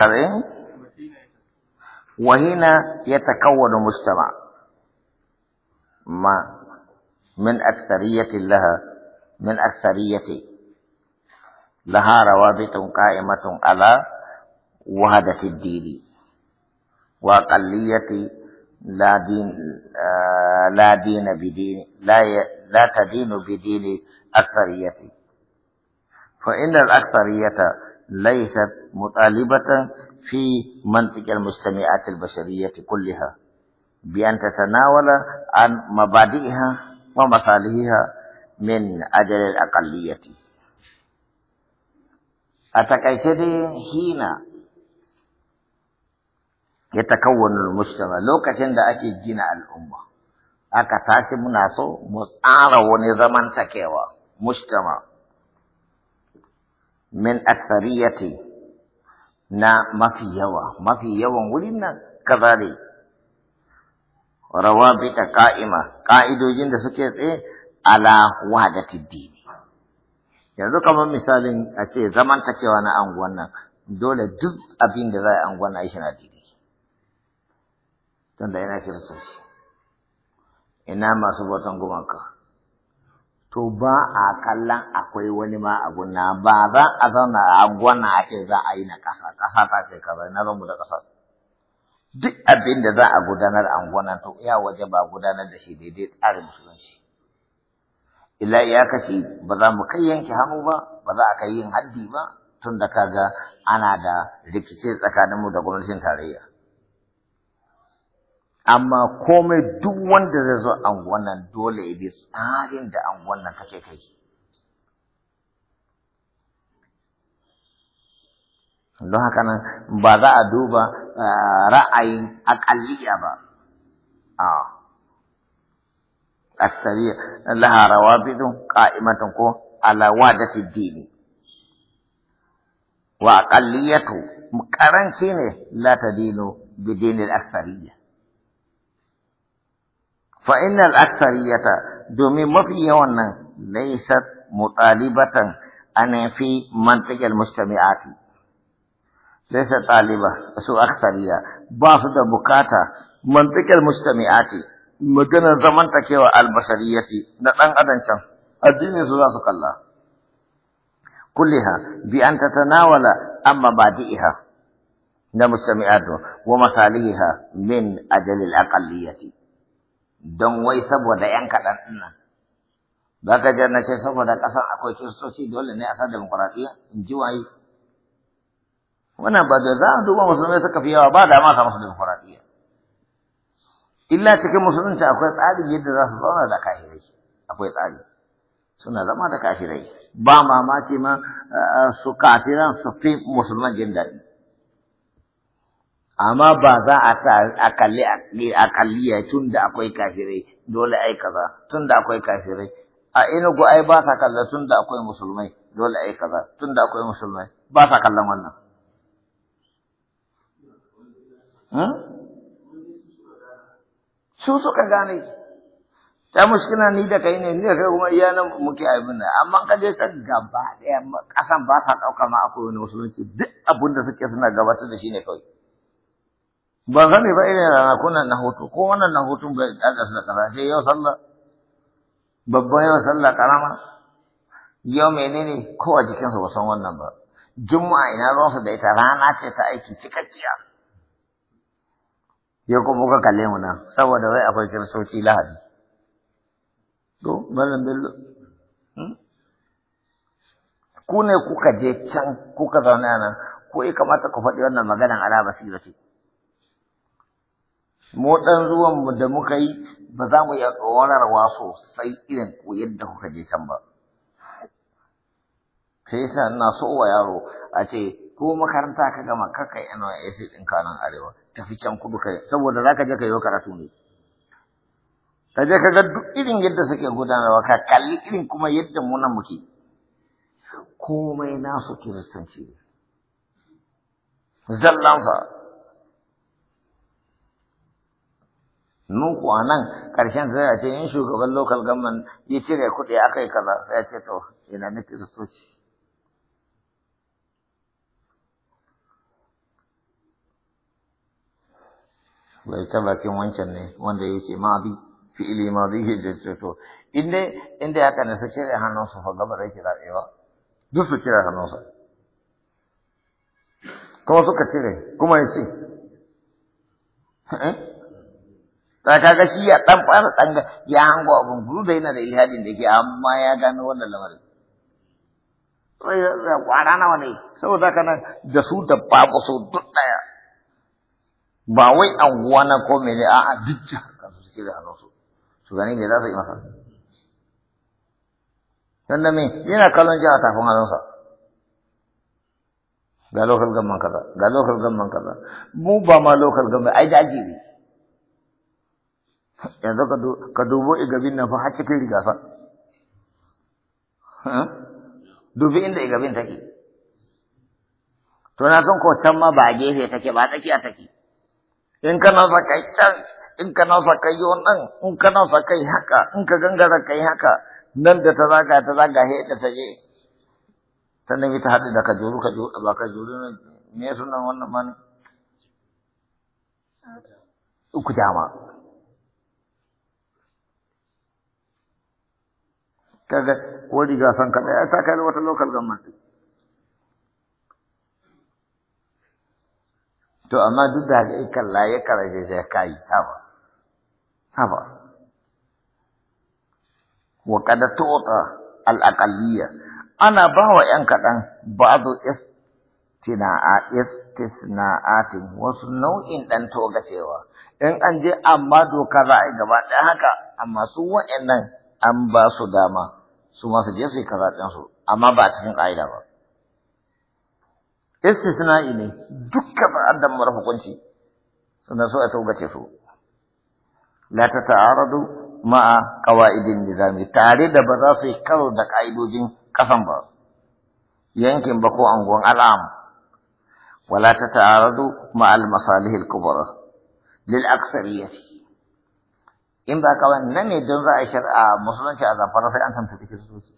تمام إيه؟ وهنا يتكون مجتمع ما من أكثرية لها من أكثرية لها روابط قائمة على وهدة الدين وأقلية لا دين آه، لا دين بدين لا لا تدين بدين أكثرية فإن الأكثرية ليست مطالبة في منطق المستمعات البشرية كلها بأن تتناول عن مبادئها ومصالحها من أجل الأقلية أتكيتدي هنا يتكون المجتمع لو كتن أكي جنع الأمة أكتاسي مناسو مصارة ونظام تكيوا مجتمع min aksariyati na mafi yawa mafi yawan wurin nan kaza ne rawabita ka'ima ka'idojin da suke tsaye ala wahdati dini yanzu kamar misalin a ce zamantakewa na anguwan nan dole duk abin da za a anguwan na shi na dini tunda yana kiristoci ina masu bautan gumaka to ba a kallon akwai wani ma a na ba za a zauna a gwana a ce za a yi na kasa. ƙasa ta ce kaza na zamu da ƙasa duk abin da za a gudanar a gwana to ya waje ba gudanar da shi daidai tsarin musulunci Ila ya kashi ba za mu kai yanke hannu ba ba za a kai yin haddi ba tun da kaga ana da rikici tsakaninmu da gwamnatin tarayya amma komai duk wanda zai zo anguwan nan dole ya bi tsarin da anguwan nan kake kai don haka nan ba za a duba eh, ra'ayin akalliya ba a asali laha rawabidun qa'imatun ko ala wadati dini wa akalliyatu, karanci ne la tadinu bi dinil akthariyya فإن الأكثرية دومي مفيون ليست مطالبة أن في منطق المجتمعات ليست طالبة سو أكثرية بافد بكاتا منطق المجتمعات مجنى زمن تكيو البشرية نتنق أدنشا الدين سلاة الله كلها بأن تتناول أما بعدئها المجتمعات ومصالحها من أجل الأقلية don wai saboda ‘yan kaɗan ɗinnan. ba ka na ce saboda ƙasar akwai kiristoci dole ne a san demokuraɗiyya in ji waye. Wannan ba da za a duba musulmi suka fi yawa ba da ma samu demokuraɗiyya. Illa cikin musulunci akwai tsari yadda za su zauna da kafirai. Akwai tsari. Suna zama da kafirai. Ba mamaki ma eh, su kafiran su fi musulman jin daɗi. amma ba za a sa a kalli a kalli ya tun da akwai kafirai dole ai kaza tun da akwai kafirai a inugu ai ba sa kalla tun da akwai musulmai dole ai kaza tun da akwai musulmai ba sa kallon wannan hmm? su suka gane ta muskina ni da kai ne ni da kai kuma iyana muke abin nan amma ka je ta gaba ɗaya kasan ba ta ɗauka ma akwai wani musulunci duk abin da suke suna gabatar da shi ne kawai ban sani ba irin ranakunan na hutu ko wannan na hutun bai kaga da kaza sai yau sallah babba yau sallah karama yau menene ko a jikinsu ba san wannan ba juma'a ina ruwansu da ita rana ce ta aiki cikakkiya ya kuma ka kalle mu nan saboda wai akwai kiristoci lahadi to malam bello hmm? ku ne kuka je can kuka zauna nan ko ya kamata ku faɗi wannan maganan ala basira ce mu ɗan zuwanmu da muka yi ba za mu iya waso sai irin koyar da kuka je can ba. Sai yasa ina so wa yaro a ce ko makaranta ka gama kaka yana AC ɗin kanan arewa tafi can kudu kai saboda za ka je ka yi karatu ne. Ka je ka ga duk irin yadda suke gudanarwa ka kalli irin kuma yadda muna muke. Komai nasu kiristanci ne. Zallansa. mu kuwa nan ƙarshen sai a ce in shugaban local government ya cire kuɗi aka yi kaza sai a ce to ina da soci. bai ta wancan ne wanda ya ce ma'adi fi'ili ma'adi ya ce in dai in dai haka ne su cire hannunsa fa gaba da kira duk su cire hannunsa kuma suka cire kuma ya ce eh? ta kaga shi ya dan fara tsanga ya hango abun guru da yana da ilhadin da ke amma ya gano wannan lamarin kwana nawa ne saboda kana da su da babu su duk daya ba wai an na ko me a a duk Ka su suke da hannu su su gani me za su yi masa don da me yana kallon a tafin hannunsa ga lokal gamman kaza ga lokal gamman kaza mu ba ma lokal gamman ai daji ne yanzu ka dubo igabin nan fa har cikin rigasa dubi inda igabin take to na san ko can ma ba a gefe take ba tsakiya take in ka sa kai can in ka sa kai nan in ka sa kai haka in ka gangara kai haka nan da ta zaga ta zaga he da ta sannan ita nemi ta haɗu da kajuru kajuru ba kajuru ne me sunan wannan man uku jama'a kaga ko riga san kaɗai ya ta kai wata local government to amma duk da haka eh, kalla ya karaje sai kai haba haba wa kada tota al aqalliya ana ba wa yan kadan ba'du istina'a istisna'atin wasu nau'in dan cewa, in an je amma doka za a gaba ɗaya haka amma su wa'annan an ba su dama su ma su je su yi kazaɗinsu amma ba a cikin ƙa'ida ba istisna'i ne dukkan ba'addan mara hukunci sannan so a taugace su la ta ta'aradu ma'a ƙawa'idin nizami tare da ba za su yi karo da ƙa'idojin ƙasan ba yankin ba ko angon al'am wala ta ta'aradu ma'a al-masalih kubra lil aksariyati in ba kawai nan ne don za a shari'a musulunci a zafara sai an tambaye kiristoci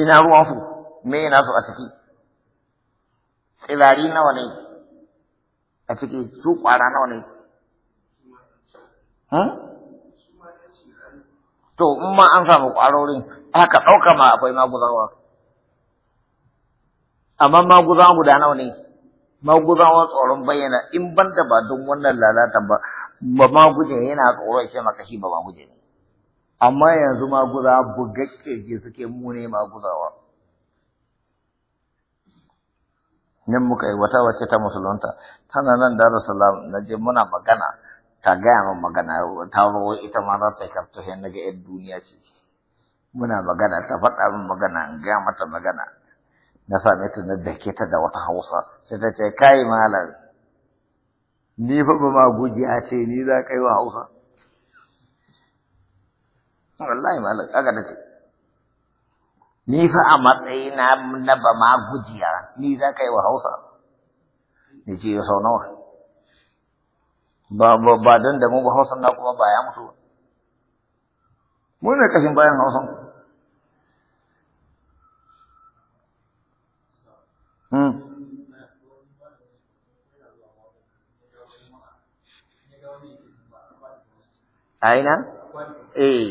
ina su me yana su a ciki tsirari nawa ne a ciki su kwara nawa ne hmm? to in ma an samu kwarorin aka ɗauka ma akwai maguzawa amma maguzawa guda nawa ne maguzawa tsoron bayyana in banda ba don wannan lalata ba ba maguje yana tsoron shi maka shi ba maguje ne amma yanzu maguza bugakke ke suke mune ma nan muka yi wata wace ta musulunta tana nan darussalam na je muna magana ta gaya min magana ta rawo ita ma za ta kafto sai na ga yan duniya ce muna magana ta faɗa min magana in mata magana na same ta da ke ta da wata hausa sai ta ce kai malam ni fa ba ma guji a ce ni za ka yi wa hausa wallahi malam kaga da ce ni fa a matsayina na ba ma gujiya ni za ka yi wa hausa ni ce sau nawa ba ba don da mu ba hausa na kuma ba ya mutu mu ne kashin bayan hausan A ina? Eh.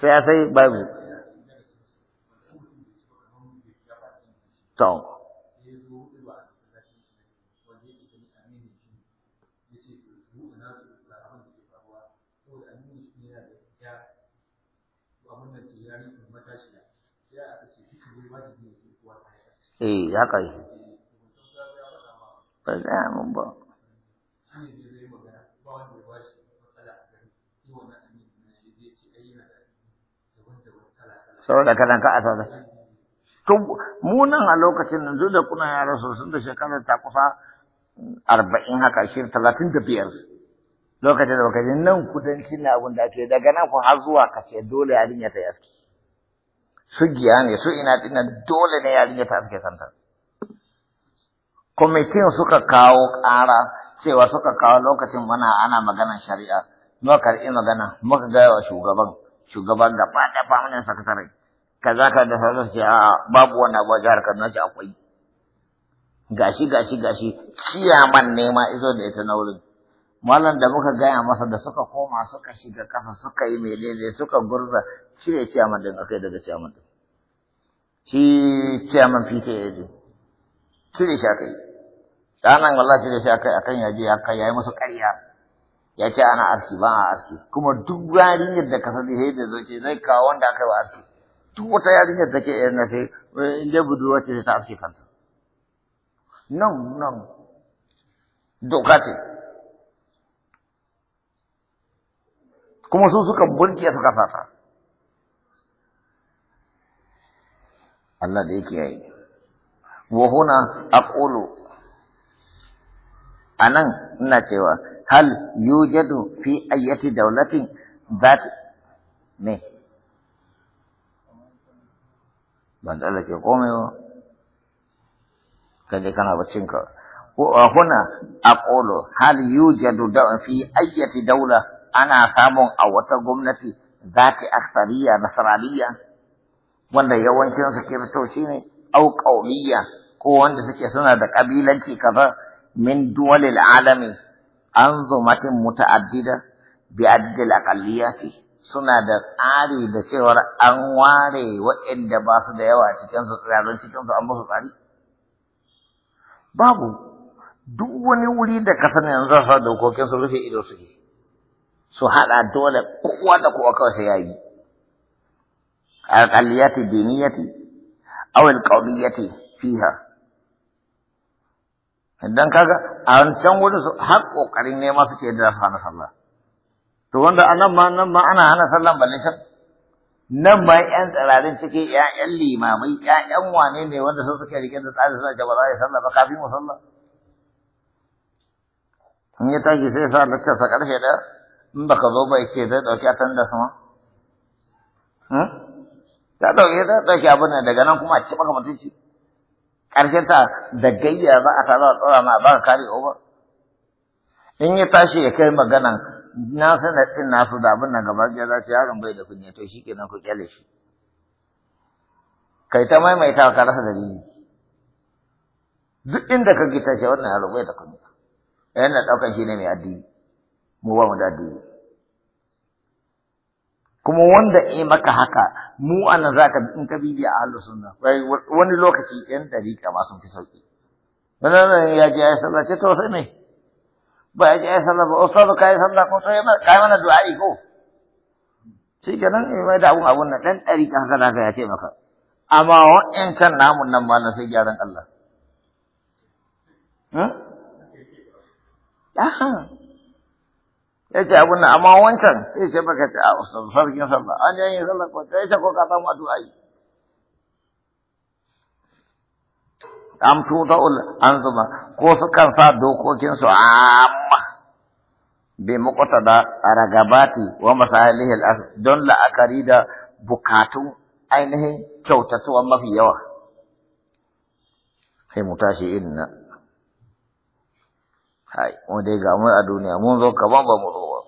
Sai ya sai babu. To. eh haka yi ba za mu ba da kanan ka a tada mu nan a lokacin nan duk da kuna yara sosun da shekarar ta kusa arba'in haka shi talatin da biyar lokacin da baka nan kudanci na abin da ake daga nan ku har zuwa kashe dole yarinya ta yi aski su giya ne su ina ina dole ne yarinya ta suke kanta kwamitin suka kawo ƙara cewa suka kawo lokacin mana ana maganan shari'a muka karɓi magana muka gaya wa shugaban shugaban gaba da famunan sakatare kaza ka da sauran ce a babu wani abuwa jihar Kaduna ce akwai gashi gashi gashi ciyaman nema izo da ita na wurin malam da muka gaya masa da suka koma suka shiga kasa suka yi menene suka gurza ne ciyaman din yi daga ciyaman din shi ciyaman fita ya je ne shi yi tsanan wallahi cire shi akai akan yaje ya kai yayi musu ƙarya ya ce ana arki ba a arki kuma duk yarinyar da ka sani sai da zo ce zai kawo wanda aka yi wa arki duk wata yarinyar da ke yar na sai eh, in dai budurwa ce ta arki kanta nan nan doka ce kuma su suka burke suka sata Allah da yake yayi wa huna aqulu anan ina cewa hal yujadu fi ayyati dawlatin that me ban da ke kome wa kaje kana bacin ka wa huna aqulu hal yujadu fi ayyati dawlatin ana samun a wata gwamnati za ta aksariya nasarariya wanda yawancinsu shi ne au ko wanda suke suna da ƙabilanci kaza min duwalil alami an zumatin muta'addida bi addil aqalliyati suna da tsari da cewar an ware waɗanda ba su da yawa cikin su tsirarin cikin su an musu tsari babu duk wani wuri da ka yanzu za su dokokin su rufe ido suke su haɗa dole kowa da kowa kawai sai ya yi alƙaliyati diniyati aw alqawliyati fiha dan kaga an can wurin su har kokarin ne ma suke da hana sallah to wanda anan ma nan ma ana hana sallah balle shan nan ma ƴan tsirarin ciki ƴaƴan limamai ƴaƴan wane ne wanda su suke rike da tsari suna jaba za sallah ba kafin mu sallah in ya tashi sai sa lakta sa ƙarfe ɗaya in ka zo ba ce zai ɗauki a tan da sama ta ɗauki ta ɗauki abin nan daga nan kuma a ci maka mutunci ƙarshen ta da gayya za a tara tsora ma ba kare ba? in ya tashi ya kai maganan na sanar ɗin nasu da abin nan gaba ɗaya za su yaron bai da kunya to shi kenan ku kyale shi kai ta maimaita ka rasa dalili duk inda ka gita shi wannan yaro bai da kunya yana ɗaukar shi ne mai addini mu ba mu da addini kuma wanda ya maka haka mu ana za ka in ka a ahlus sunna wani lokaci yan dariƙa ma sun fi sauki wannan ya ji ayi sallah ce to sai ne ba ya ji ayi sallah ba ka yi sallah ko sai yi mana du'a'i ko shi kenan in eh, mai da abun na nan dan dariƙa haka na ya ce maka amma wa'in kan namun nan ma na sai gyaran Allah hmm? ya ce abin nan amma wancan sai ce baka ce a ah, sarkin sallah an yi sallah ko ta ko ka samu addu'ai am tuta ul an zuma ko su kan sa dokokin su amma bi da ragabati wa masalihi al don la'akari da bukatun ainihin kyautatuwa mafi yawa sai mu tashi inna hai mu dai ga mu a duniya mun zo kaman ba mu zo ba